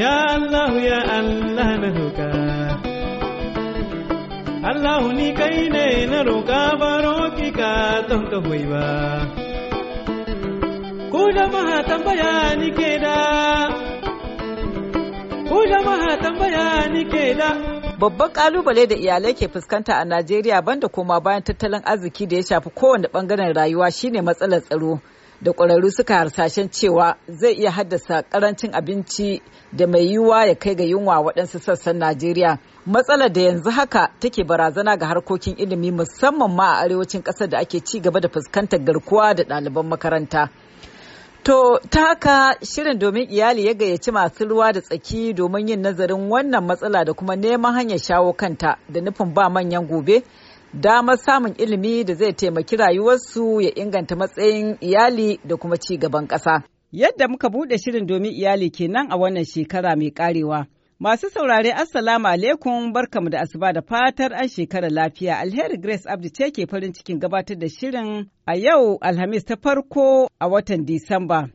Ya Allah ya Allah na roƙa Allah ni kai ne na roƙa baro ki ka don ka hoyi ba Ku jama'a tambaya ni ke da tambaya ni ke da Babban kalubale da iyalai ke fuskanta a Najeriya banda koma bayan tattalin arziki da ya shafi kowane bangaren rayuwa shine matsalar tsaro. da ƙwararru suka harsashen cewa zai iya haddasa ƙarancin abinci da mai yiwuwa ya kai ga yunwa waɗansu sassan Najeriya. Matsalar da yanzu haka take barazana ga harkokin ilimi musamman ma a arewacin ƙasar da ake ci gaba da fuskantar garkuwa da ɗaliban makaranta. To ta haka shirin domin iyali ya gayyaci masu ruwa da tsaki domin yin nazarin wannan matsala da kuma neman hanyar shawo kanta da nufin ba manyan gobe damar samun ilimi da zai taimaki rayuwarsu ya inganta matsayin iyali da kuma ci gaban ƙasa. Yadda muka buɗe shirin domin iyali kenan a wannan shekara mai karewa Masu saurare Assalamu alaikum barkamu da asuba da fatar an shekara lafiya alheri Grace Abdi ce ke farin cikin gabatar da shirin a yau Alhamis ta farko a watan Disamba.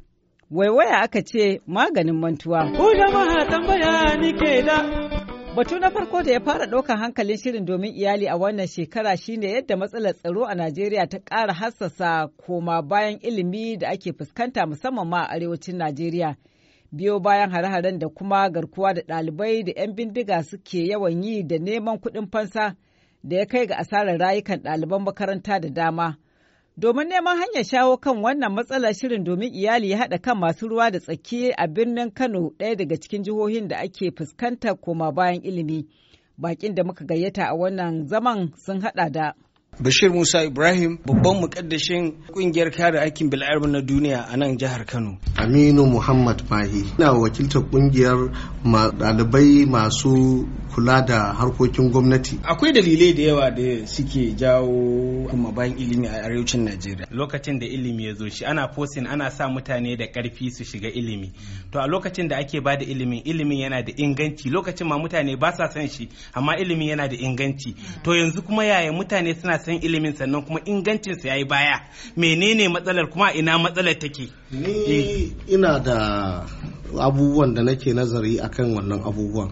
Waiwaya aka ce maganin mantuwa. Ku jama'a tambaya ni ke da Batu na farko da ya fara ɗaukar hankalin shirin domin iyali a wannan shekara shine yadda matsalar tsaro a Najeriya ta ƙara hassasa koma bayan ilimi da ake fuskanta musamman ma a arewacin Najeriya. Biyo bayan hare-haren da kuma garkuwa da ɗalibai da 'yan bindiga suke yawan yi da neman kuɗin fansa da ya kai ga asarar rayukan ɗaliban makaranta da dama. Domin neman hanyar shawo kan wannan matsalar shirin domin iyali ya haɗa kan masu ruwa da tsaki a birnin Kano ɗaya daga cikin jihohin da ake fuskantar koma bayan ilimi. Bakin da muka gayyata a wannan zaman sun haɗa da Bashir Musa Ibrahim babban mukaddashin ƙungiyar kare aikin bil'arba na duniya a nan jihar Kano. Aminu Muhammad Mahi. Ina wakiltar kungiyar ɗalibai masu kula da harkokin gwamnati. Akwai dalilai da yawa da suke jawo kuma bayan ilimi a arewacin Najeriya. Lokacin da ilimi ya zo shi ana fosin ana sa mutane da ƙarfi su shiga ilimi. To a lokacin da ake bada ilimin ilimin yana da inganci lokacin ma mutane ba sa son shi amma ilimi yana da inganci. To yanzu kuma yaya mutane suna san ilimin sannan kuma ingancinsa ya yi baya. Menene matsalar kuma ina matsalar take? ni ina da abubuwan da nake nazari akan wannan abubuwan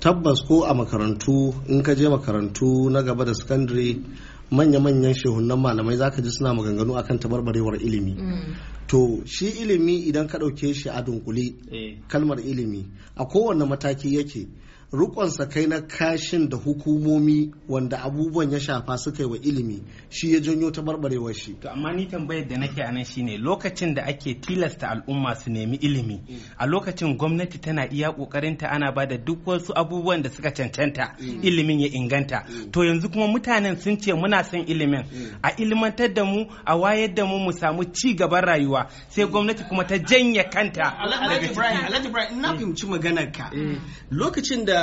tabbas ko a makarantu in ka je makarantu na gaba da sakandare manya-manyan shehunan malamai zaka ji suna maganganu akan tabarbarewar ilimi mm. to shi ilimi idan ka ɗauke shi a dunkule eh. kalmar ilimi a kowane mataki yake rikonsa kai na kashin da hukumomi wanda abubuwan ya shafa suka yi wa ilimi shi ya janyo ta tabarbarewar shi to amma ni tambayar da nake anan ne lokacin da ake tilasta al'umma su nemi ilimi mm. a lokacin gwamnati tana iya kokarinta ana ba da duk wasu abubuwan da suka cancanta mm. ilimin ya inganta mm. to yanzu kuma mutanen sun ce muna son ilimin a ilimantar da mu a wayar da mu mu samu ci gaban rayuwa sai gwamnati kuma ta janye kanta Alhaji Ibrahim Alhaji Ibrahim ina fahimci maganar lokacin da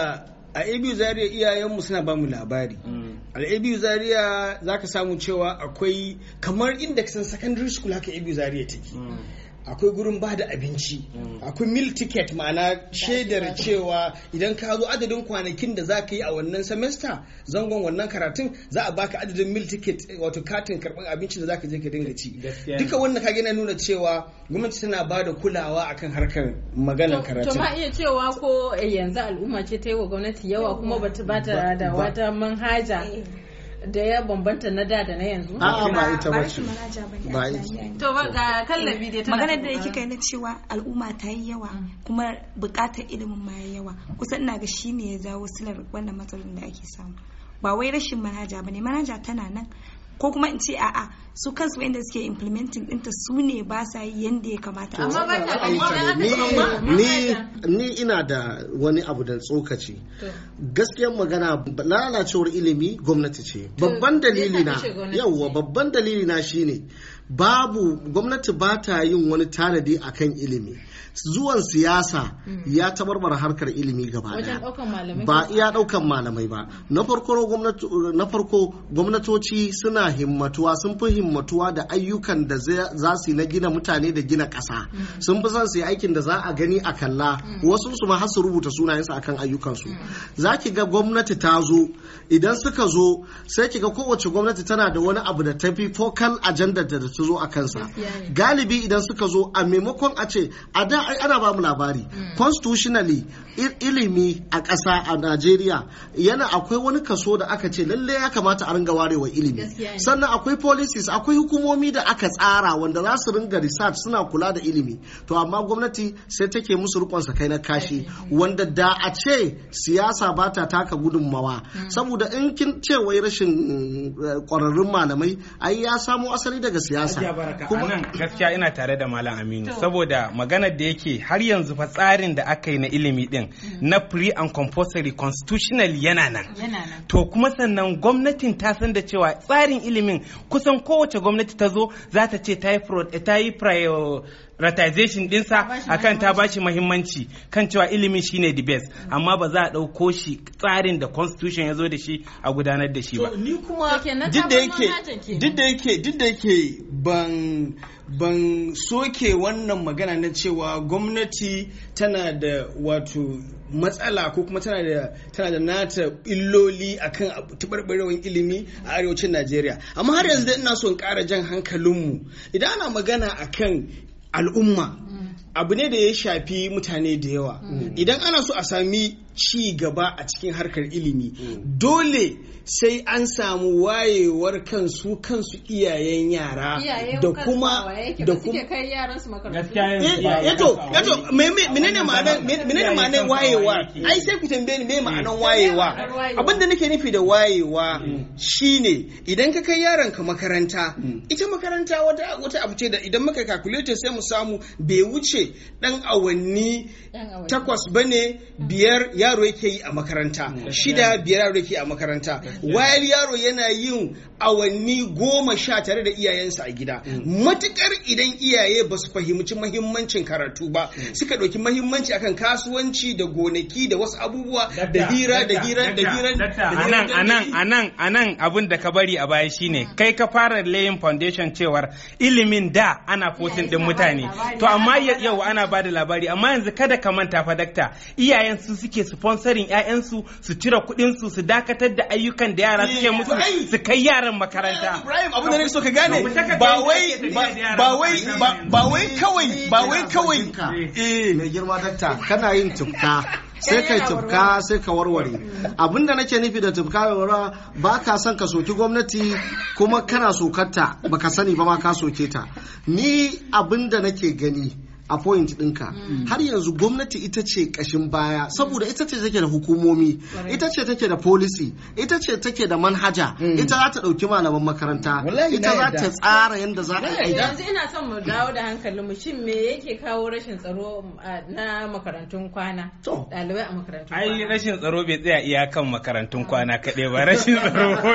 a abu zaria iyayenmu suna bamu labari mm. a abu zaria za ka samu cewa akwai kamar inda kasan secondary school haka abu zaria take mm. akwai gurin ba da abinci mm. akwai mil ticket ma'ana shaidar cewa idan ka zo adadin kwanakin da za ka yi a wannan semester zangon wannan karatun za a baka adadin mil ticket wato katin karɓar abinci da za ka je ka dinga ci duka wannan kage na nuna cewa gwamnati tana ba da kulawa akan harkar maganar karatu to ma iya cewa ko eh, yanzu al'umma ce ta yi wa gwamnati yawa kuma ba ta da wata manhaja eh. da ya bambanta na da da na yanzu a'a ba ita ba ce ba ita ba ga kallabi magana da kika yi na cewa al'umma ta yi yawa mm. kuma bukatar ilimin ma yawa kusan ina ga shi shine ya jawo silar wannan matsalolin da ake samu ba wai rashin manaja ba ne manaja tana nan ko kuma in ce a'a su kansu wanda suke implementing dinta su ne ba sa yi yadda ya kamata amma ni ni ina da wani abu da tsokaci gaskiyar magana lalacewar ilimi gwamnati ce babban dalili na yawwa babban dalili na shine babu gwamnati ba ta yin wani tanadi akan ilimi zuwan siyasa hmm. ya tabarbar harkar ilimi gaba daya ba iya daukan malamai ba na farko gwamnatoci suna himmatuwa sun fi himmatuwa da ayyukan da za su na gina mutane da gina ƙasa hmm. sun fi son su aikin da za a gani a kalla hmm. wasu su ma har su rubuta sunayensu akan ayyukansu za ki ga gwamnati ta zo idan suka zo sai ki ga kowace gwamnati tana da wani abu da ta fi focal agenda da su zo a kansa galibi idan suka zo a maimakon a ce a da ana ba mu labari mm. constitutionally ilimi a ƙasa a Najeriya yana akwai wani kaso da aka ce lalle ya kamata a ringa warewa ilimi sannan akwai policies akwai hukumomi da aka tsara wanda za su ringa research suna kula da ilimi to amma gwamnati sai take musu rikon kai na kashi wanda da a ce siyasa ba ta taka gudunmawa mm. saboda in kin ce wai rashin kwararrun eh, malamai ai ya samo asali daga siyasa kansa kuma nan gaskiya ina tare da malam aminu saboda maganar da yake har yanzu fa tsarin da aka yi na ilimi din mm. na pre and compulsory constitutional yana nan to kuma sannan gwamnatin ta san da cewa tsarin ilimin kusan kowace gwamnati ta zo za ta ce ta yi ratization dinsa akan ta bashi mahimmanci kan cewa ilimi shine the best mm. amma ba za a ɗauko shi tsarin da constitution ya zo da shi a gudanar da shi ba ni kuma duk da yake duk da yake duk da yake ban ban soke wannan magana na cewa gwamnati tana da wato matsala ko kuma tana da tana da nata illoli akan tabarbarewan ilimi a arewacin Najeriya amma har yanzu ina son ƙara jan hankalinmu idan ana magana akan al'umma abu ne da ya shafi mutane da yawa mm. idan ana so a sami ci gaba a cikin harkar ilimi mm. dole sai an samu wayewar kansu kansu iyayen yara da kuma da kuma kai yaran su makarantu yato eh, eh, yato menene ma'anar menene ma'anar wayewa ai sai ku tambaye ni me mm. ma'anar wayewa abinda nake nufi da wayewa shine idan ka kai yaron ka makaranta ita makaranta wata wata abu ce da idan muka calculate sai mu samu bai wuce ce dan awanni takwas ne biyar yaro yake yi a makaranta shida biyar yaro yake a makaranta wayar yaro yana yin awanni goma sha tare da iyayensa a gida mm. matukar idan iyaye ba su fahimci mahimmancin karatu ba mm. suka ɗauki mahimmanci akan kasuwanci da gonaki da wasu abubuwa da hira da hira da hira anan anan anan anan abin da ka bari a baya shine kai ka fara layin foundation cewar ilimin da ana fotin din mutane to amma yau ana ba da labari amma yanzu kada ka manta fa dakta iyayen su suke sponsorin ƴaƴan su su cire kuɗin su su dakatar da ayyukan da yara suke eh, musu su kai yaran makaranta eh, Ibrahim abin da nake so ka gane ba wai ba wai ba wai kawai eh, ba wai kawai eh mai girma dakta kana yin tufka sai kai tufka sai ka warware abin da nake nufi da tufka warwara ba ka son ka soki gwamnati kuma kana sokarta baka sani ba ma ka soke ta ni abin da nake gani a point ɗinka mm. har yanzu gwamnati ita ce ƙashin baya saboda ita ce take da hukumomi ita ce take da policy ita ce take da manhaja mm. ita za ta ɗauki malaman makaranta ita za ta tsara yadda za ta aiki yanzu ina son mu dawo da hankali mu shin me yake kawo rashin tsaro na makarantun kwana ɗalibai a makarantun kwana ai rashin tsaro bai tsaya iya kan makarantun kwana kaɗai ba rashin tsaro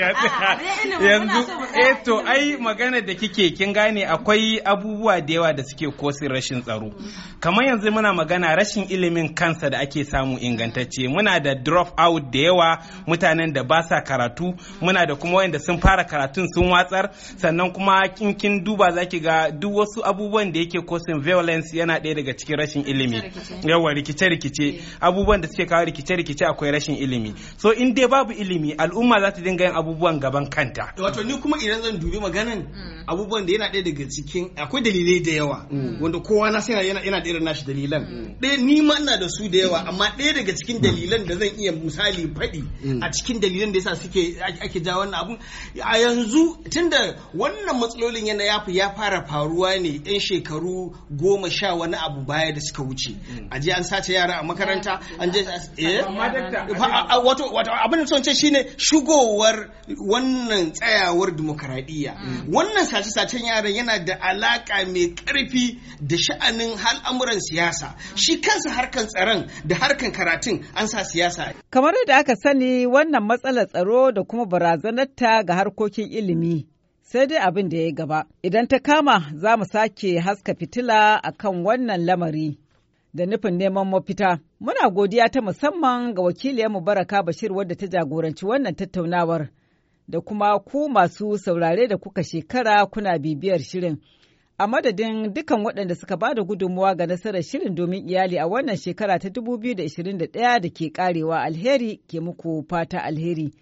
ya tsaya yanzu eh to ai magana da kike kin gane akwai abubuwa da yawa da suke kosa nufin rashin tsaro kamar yanzu muna magana rashin ilimin kansa da ake samu ingantacce muna da drop out da yawa mutanen da ba sa karatu muna da kuma wayanda sun fara karatun sun watsar sannan kuma kinkin duba zaki ga duk wasu abubuwan da yake causing violence yana ɗaya daga cikin rashin ilimi yawa rikice rikice abubuwan da suke kawo rikice rikice akwai rashin ilimi so in dai babu ilimi al'umma za ta dinga yin abubuwan gaban kanta wato ni kuma idan zan dubi maganan mm. abubuwan da yana ɗaya daga cikin akwai dalilai da yawa mm. wanda kowa na sai yana yana da irin nashi dalilan mm. ɗaya ni ma ina da su da yawa amma ɗaya daga cikin dalilan da zan iya misali faɗi mm. a cikin dalilan da yasa suke ake ja wannan abun a yanzu tunda wannan matsalolin yana yafi ya fara faruwa ne yan shekaru goma sha wani abu baya da suka wuce mm. a je an sace yara a makaranta ah, an je wato abin da son ce shine shugowar wannan tsayawar dimokuraɗiyya wannan sace-sacen yaran yana da alaka mai ƙarfi da sha'anin al'amuran siyasa shi kansa harkan tsaron da harkan karatun an sa siyasa kamar da aka sani wannan matsalar tsaro da kuma barazanarta ga harkokin ilimi sai dai abin da ya gaba idan ta kama za mu sake haska fitila akan wannan lamari da nufin neman mafita muna godiya ta musamman ga wakiliyarmu baraka bashir wadda ta jagoranci wannan tattaunawar da kuma ku masu saurare da kuka shekara kuna bibiyar shirin a madadin dukan waɗanda suka bada gudunmuwa ga nasarar shirin domin iyali a wannan shekara ta 2021 da ke karewa alheri ke muku fata alheri.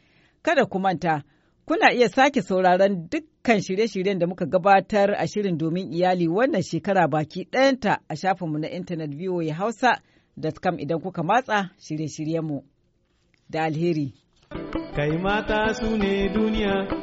Kada ku manta, kuna iya sake sauraron dukkan shirye-shiryen da muka gabatar a shirin domin iyali wannan shekara baki ɗayanta a shafinmu na intanet voahausa.com idan kuka matsa shirye-shiryenmu da alheri. Kai mata su ne duniya.